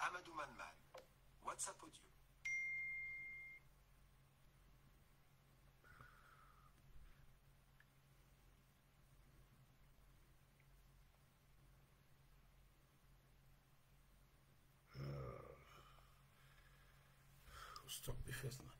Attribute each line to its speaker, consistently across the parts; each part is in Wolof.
Speaker 1: Amadou Manman. WhatsApp audio. Uh, Stop the first now.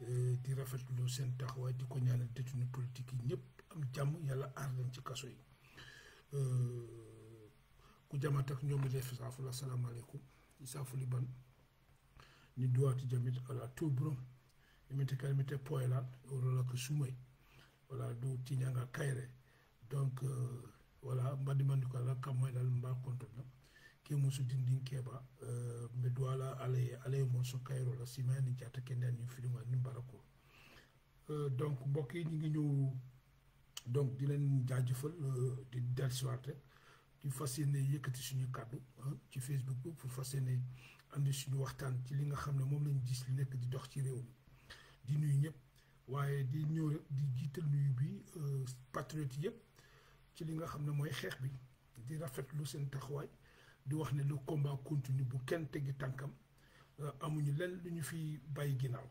Speaker 1: Eh, di rafetlu seen taxawaay di ko ñaanal détenu politique yi ñëpp am jàmm yàlla aar leen ci kaso yi eh, ku jamaat ak ñoom def saafula salaamaaleykum saafuli ban ni duwaati jamit ala tobro imite kalimite poyelal orolaka sumay wala do tiñanga kayre donc wala eh, mbadimandiko ala kam moylal mba kontoño ke musu dindin keba eh, mbe do ala alaye alaye mon so kayro la sima ni jata kende ni filima ni barako eh, donc mbok yi ñu ngi ñëw donc di leen jaajëfal eh, di dellusiwaat rek di fas yéene suñu kàddu ci Facebook bu pour fas yéene andi suñu waxtaan ci li nga xam mom lañu gis li nekk di dox ci réew di nuy ñëpp waaye di ñëw rek di jiital nuyu bi patriote yëpp ci li nga xam ne mooy xeex bi di rafetlu seen taxawaay. di wax ne le combat continue bu kenn teggi tànkam euh, amuñu lenn lu ñu fi bàyyi ginnaaw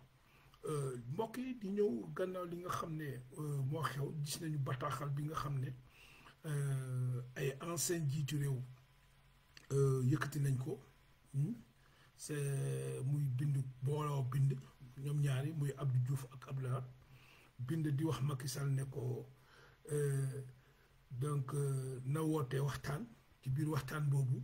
Speaker 1: euh, mbokk yi di ñëw gannaaw li nga xam ne euh, moo xew gis nañu bataaxal bi nga xam ne ay ancien jiitu réew yëkkati nañ ko hmm? c'est muy bind booloo bind ñoom ñaari muy Abdou Diouf ak Abdoulaye bind di wax Macky Sall ne ko donc na wootee waxtaan ci biir waxtaan boobu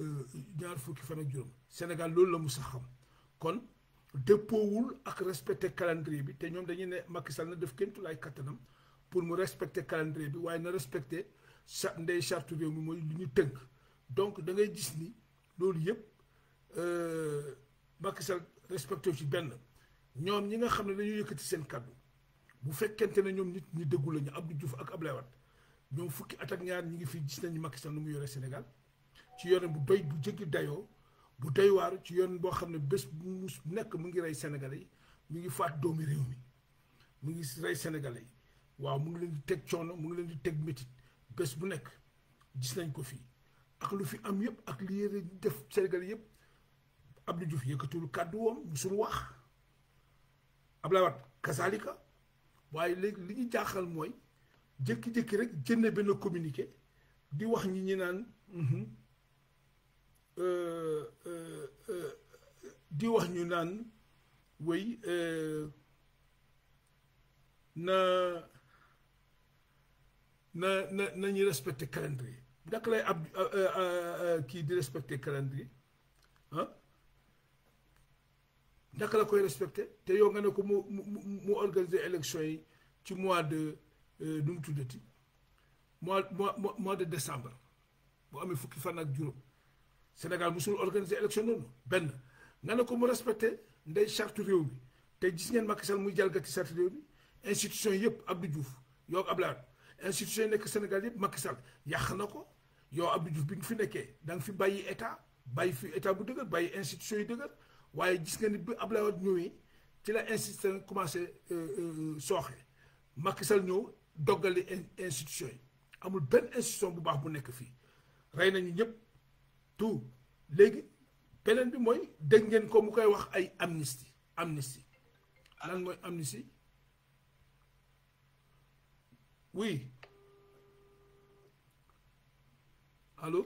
Speaker 1: Euh, ñaar fukki fan ak juróom Sénégal loolu la mu sax xam kon dëppoowul ak respecté calendrier bi te ñoom dañuy ne Macky Sall na def kenn tulaay kattanam pour mu respecté calendrier bi waaye na respecté cha ndey charte réew mi mooy lu ñu tënk donc da ngay gis ni loolu yëpp euh, Macky Sall respecté ci benn ñoom ñi nga xam ne dañu yëkkati seen kàddu bu fekkente ne ñoom nit ñi dëggu lañu Abdou Diouf ak Abdoulaye Wade ñoom fukki at ak ñaar ñi ngi fi gis nañu Macky Sall nu mu yore Sénégal. ci yoon bu doy bu jéggi dayoo bu doy waar ci yoon boo xam ne bés bu mu nekk mu ngi rey Sénégalais yi mu ngi faat doomi réew mi mu ngi rey Sénégalais yi waaw mu ngi leen di teg coono mu ngi leen di teg métit bés bu nekk gis nañ ko fii ak lu fi am yëpp ak li yére def Sénégalais yëpp Abdou Diouf yëkkatul kàddu woom musul wax Abdoulaye Wade kasaalika waaye léegi li ñu jaaxal mooy jékki-jékki rek jënd benn communiqué di wax ñi ñi naan mhm. di wax ñu naan wéy euh, na na na nañu respecté calendrier naka lay ab euh, euh, kii di respecté calendrier hein naka la koy respecté té yo nga ne ko mu mu organiser élection yi ci mois de nu tuddati mois mois mois de décembre bu amee fukki fan ak juróom Sénégal musul organiser élection non ben nana ko mu respecté ndey charte réew mi tey gis ngeen Macky Sall muy jalgati charte réew mi institution yépp Abdou Diouf yow Abdoulaye institution nek Sénégal yépp Macky Sall yàq na ko yow Abdou Diouf bi fi nekkee da nga fi bàyyi état bàyyi fi état bu dëgër bàyyi institution yi dëgër waye gis nga bi Abdoulaye Wade ñëwee ci la institution commencé euh, euh, soxé Macky Sall ñëw dogali institution yi amul ben institution bu baax bu nek fi ray nañu ñëpp tout légui peneen bi mooy dégg ngeen ko mu koy wax ay amnistie amnistie lan mooy amnistie oui allo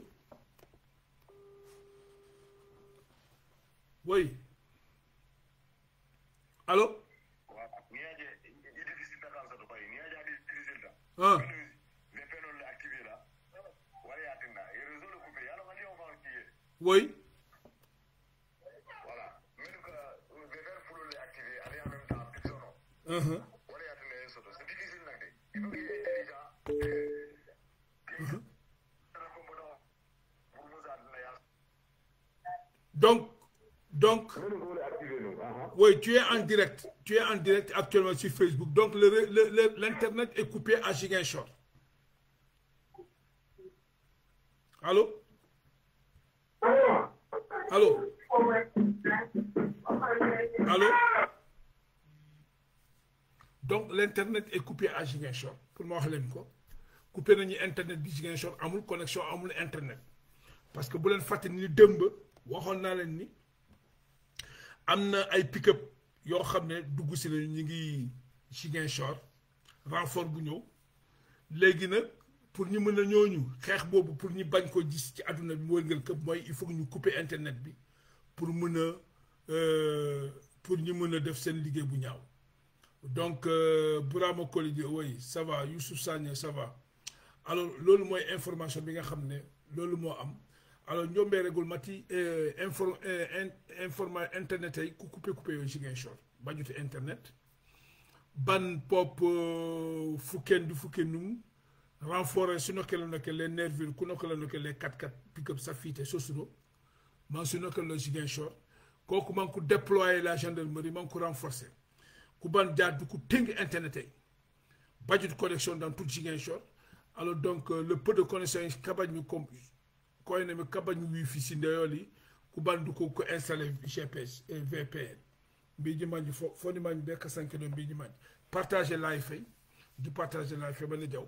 Speaker 1: oui allo. ah. Mhm. Donc, donc, oui, tu es en direct. Tu es en direct actuellement sur Facebook. Donc, l'Internet est coupé à Gigainshore. Allô? Allô? Allô? donc l'internet est coupé à Ziguinchor pour moi, wax quoi? ko coupé nañu internet bi Ziguinchor amul connexion amul internet parce que bu leen fàtte ni dembe waxon na len ni amna ay pick-up yoo xam ne dugg si nañu ngi Ziguinchor renfort bu ñëw légui nak pour ñu mën ñooñu xex bobu pour ñu bañ ko gis ci aduna bi wërngal këpp moy il faut ñu couper internet bi pour mën euh pour ñu mën def sen liggéey bu ñaaw donc euh, Bourama Kolidi oui ça va Youssouf ça va alors l'autre information bi nga l'autre que am alors euh, nous euh, informa internet et coupé coupé coupé internet ban pop fukkeen du renforcer nous les les 4 pick-up Safite Sosuro man man déployer la gendarmerie man renforcer Kuban ban jaadu ku internet budget connexion dans tout Ziguinchor alors donc euh, le peu de connaissance comme comme koy na mi kabañu wifi ci ndeyool yi ban du ko ko installé GPS et euh, VPN mbi ji mañ fo fo ni mañ bekk sanke partager live du partager live ba ne jaw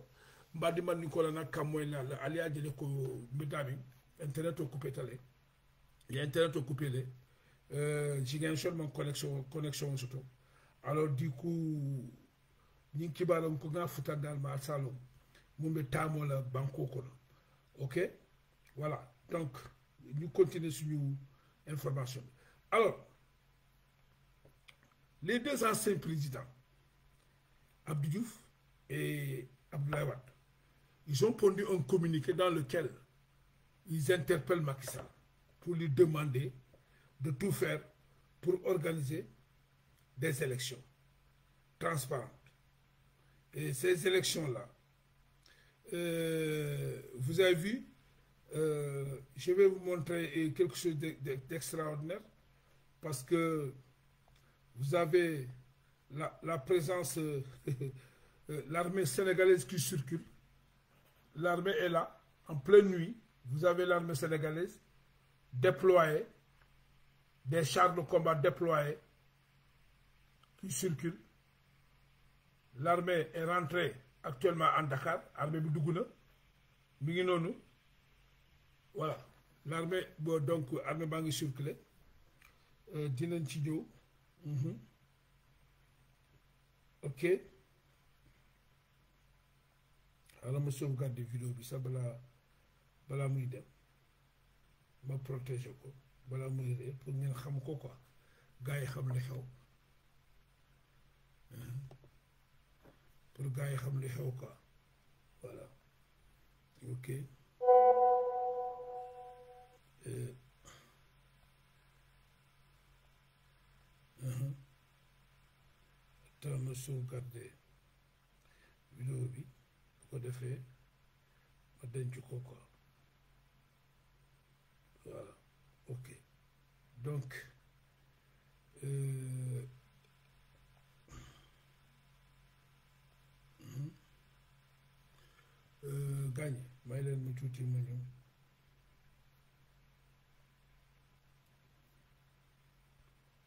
Speaker 1: di man ni ko la nak kam moy ko internet au coupé telé, l'internet internet coupé le euh mon connexion connexion surtout alors du coup nous ci balam ko nga dans dal ma tamo la ok voilà donc nous continuer suñu information alors les deux anciens présidents Abdou et Abdoulaye ils ont produit un communiqué dans lequel ils interpellent Macky pour lui demander de tout faire pour organiser des élections transparentes. Et ces élections-là, euh, vous avez vu, euh, je vais vous montrer quelque chose d'extraordinaire parce que vous avez la, présence, euh, l'armée sénégalaise qui circule. L'armée est là, en pleine nuit. Vous avez l'armée sénégalaise déployée, des chars de combat déployés, circule. l'armée est rentrée actuellement en Dakar armée bi dugg na voilà l'armée bon donc armée bangui circule. circulé euh, dinañ ci mhm. Alors, ok vous regardez sauvegarde vidéo bi sax balaa balaa muy dem ma protéger ko balaa muy pour nous, xam ko quoi gars yi xam pour gars yi xam li xew quoi voilà ok euh. uh-huh. temps ma sauvegarder vidéo bi bu ko defee ma denc ko quoi ok donc euh, Euh, gagne may leen mu tuuti ma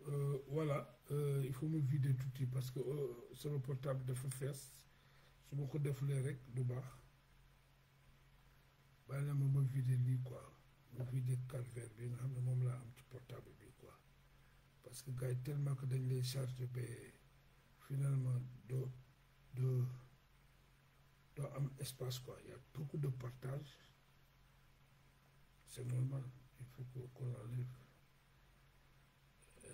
Speaker 1: euh, voilà euh, il faut me vider tuuti parce que le portable de fees je me ko defulee rek du baax bàyyi na ma vider lui quoi ma vider calvaire bien bi même là un petit portable bi quoi parce que gars tellement que dañ lay de payer, ben, finalement de do espace quoi. Il y a beaucoup de partage. C'est normal. Il faut qu'on arrive euh,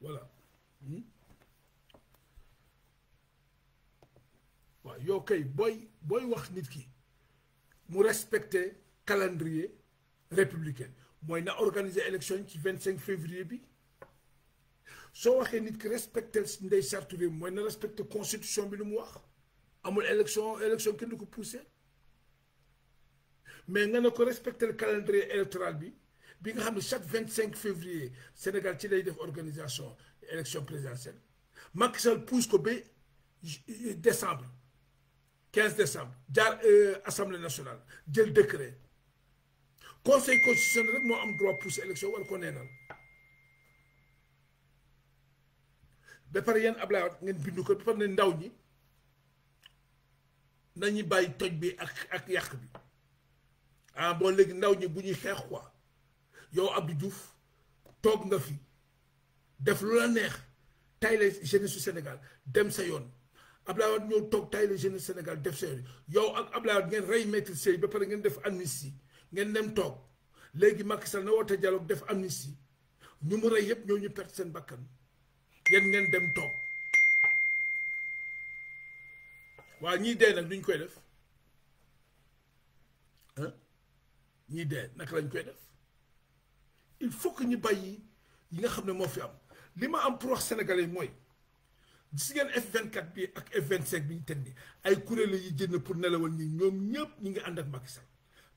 Speaker 1: Voilà. Hmm? Ok, boy kay boy boy respecter calendrier républicaine Moi, na organiser l'élection qui ci 25 février Si on a dit ki respecté les sartu na constitution bi lu a, wax amul élection élection que nous mais on a respecté le calendrier électoral bi bi nga chaque 25 février Sénégal a lay def organisation élection présidentielle Macky pousse ko décembre 15 décembre jaar euh, assemblée nationale le décret conseil constitutionnel rek moo am droit pousser élection wala ko neenal ba pare yéen Ablaye Wade ngeen bindu ko ba ne ndaw ñi nañu bàyyi toj bi ak ak yak bi ah bo légui ndaw ñi buñu xex quoi yow Abdou Diouf tok nga fi def lu la neex tay la jeunesse Sénégal dem sa yoon Ablaye Wade tok toog tay la jeunesse Sénégal def sa yoon yow ak Ablaye Wade ray rey maître Sèye ba pare ngeen def amnistie ngeen dem toog léegi Macky Sall na woote dialogue def amnistie ñu mu rey yëpp ñoo ñu perte seen bakkan yéen ngeen dem toog waa ñii dee nag duñ koy def ah ñii dee naka lañ koy def il faut que ñu bàyyi yi nga xam ne moo fi am li ma am pour wax sénégalais mooy gis ngeen F24 bi ak F25 bi ñu teg nii ay kuréel yi jënd pour nelawal ñi ñoom ñëpp ñi ngi ànd ak Macky Sall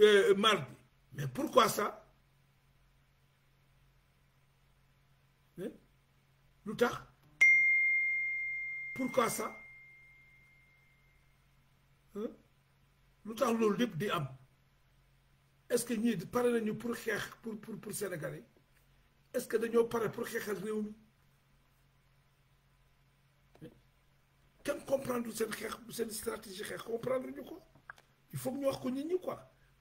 Speaker 1: Euh, euh, mardi. Mais pourquoi ça hein? Pourquoi ça hein? Nous l'olu di am est-ce que nous parlons pour le pour pour pour sénégalais est-ce que nous parlons pour xeexal Sénégalais Qui comprend comprendre cette stratégie comprendre il faut ñu wax ko quoi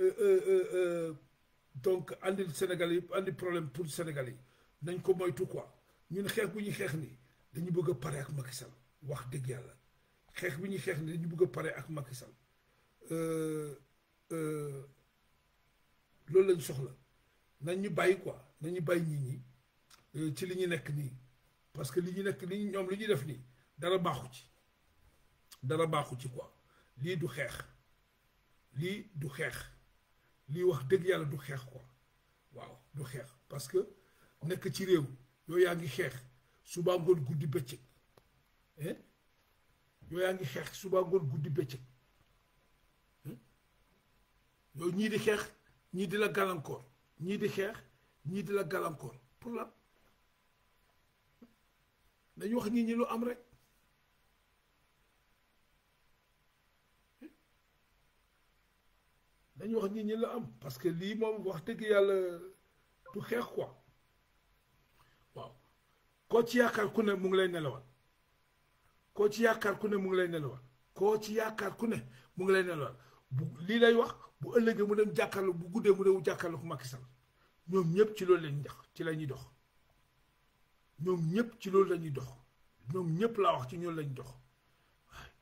Speaker 1: Euh, euh, euh, donc andi sénégalais yi andi problème pour sénégalais sénégalais nañ ko moytu quoi ñun xeex bu ñu ni dañu bëgg a ak Macky wax deug ni dañu bëgg a ak Macky Sall loolu lañ quoi ñi li parce que li ñu nekk ni ñom li def dara ci dara quoi li du li du lii wax dëgg yàlla du xeex quoi waaw du xeex parce que nekk ci réew yow yaa ngi xeex suba ngoon guddi bëccëg yow yaa ngi xeex suba ngoon guddi bëccëg yow ñii di xeex ñii di la gàllankoor ñii di xeex ñii di la gàllankoor pour la dañu wax nit ñi lu am rek. nañ wax ñi ñi la am parce que lii moom wax dëgg yàlla du xeex quoi waaw koo ci yaakaar ku ne mu ngi lay nelawal koo ci yaakaar ku ne mu ngi lay nelawal koo ci yaakaar ne mu ngi lay nelawal bu lii lay wax bu ëllëgee mu dem jàkkaarloo bu guddee mu dem jàkkaarloo ku Macky Sall ñoom ñëpp ci loolu lañuy dox ci la ñuy dox ñoom ñëpp ci loolu la dox ñoom ñëpp laa wax ci ñoom lañuy dox waaye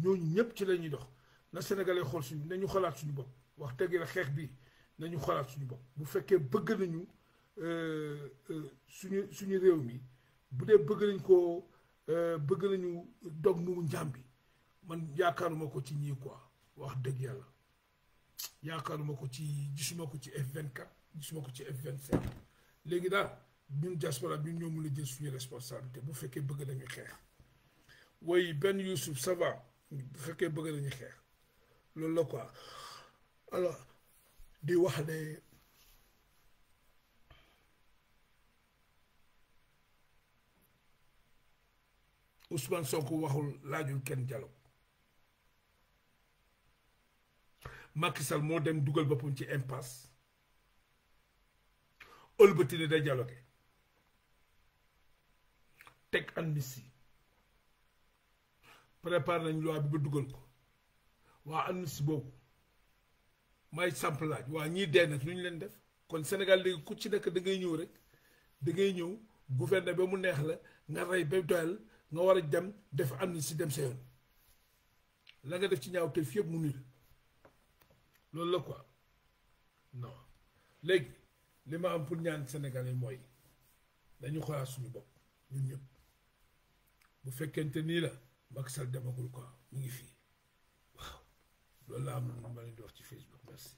Speaker 1: ñooñu ñëpp ci la ñuy dox na sénégalais xol suñu nañu xalaat suñu bopp wax dëgg la xex bi nañu xalaat suñu bopp bu fekkee bëgg nañu euh, euh suñu suñu réew mi bu dé bëgg nañ euh bëgg nañu dog mu njaam man yaakaaruma ko ci ñi quoi wax dëgg yàlla yaakaaruma ko ci gisuma ko ci F24 gisuma ko ci F25 légui da ñun diaspora ñun ñoo mun jël suñu responsabilité bu fekkee bëgg nañu xex way ben Youssouf ça va bu fekkee bëgg nañu xex loolu la quoi alors di wax ne Ousmane Sonko waxul laajul kenn dialogue Macky moo dem dugal boppam ci impasse ëlbati ne day dialogue teg amnistie prépare nañ loi bi ba dugal ko waa annus boobu may samp laaj waa ñii dee nag lu ñu leen def kon Sénégal léegi ku ci nekk da ngay ñëw rek da ngay ñëw gouverner ba mu neex la nga rey ba doyal nga war a dem def si dem sa yoon la nga def ci ñaaw tëf yëpp mu nul loolu la ko non léegi li ma am pour ñaan Sénégal yi mooy dañu xoolaat suñu bopp ñun ñëpp bu fekkente nii la Macky Sall demagul quoi mu ngi fii loolu laa am lu ma leen di wax Facebook merci.